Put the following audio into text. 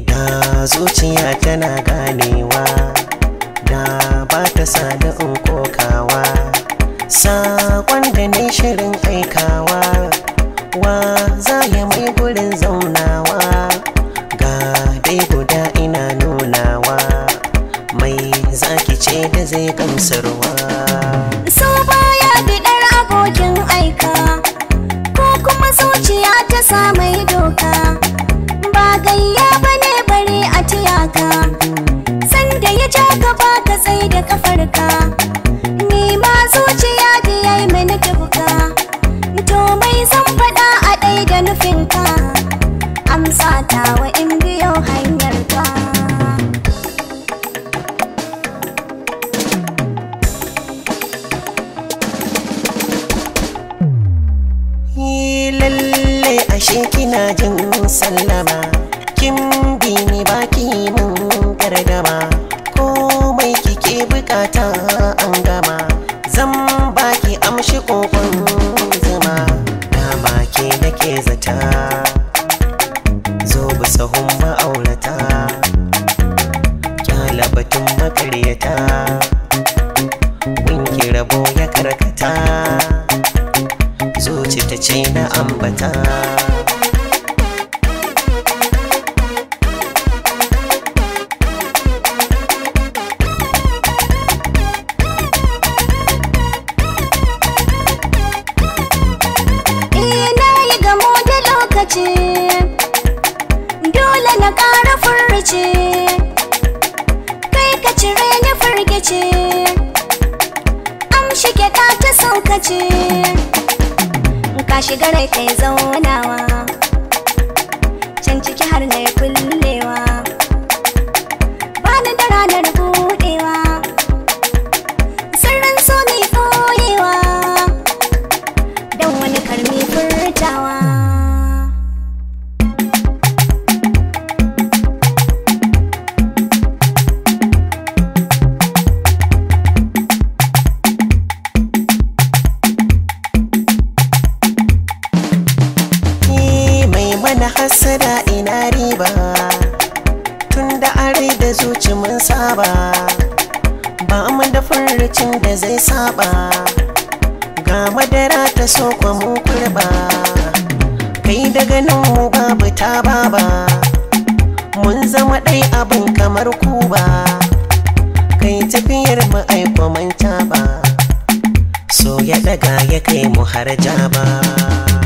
da zuciya tana ganewa da ba ta sani in kokawa saƙon da ne shirin aikawa wa za ya mai gurin zaunawa ga dai guda ina nunawa mai zaki ce da zai gamsarwa nufinka amsa wa in biyo hanyarka lalle ashe kina jin sallama kin bi ni baki mun gargama mai kike bukata an gama zan baki amshi kokon Winki rabo ya karkata Zuci ta ce na ambata eh, Dole na ƙara furrice ka cire ni firgice amshi ka ta saukace ka shiga rai kai zaunawa da ina riba tunda arai da zuci mun saba ba mu da furucin da zai saba ga madara ta so mun kurba kai daga nan mu babu ta baba mun zama ɗai abin kamar ku ba kai tafiyar mu aiko manta ba so ya daga ya kai mu har jaba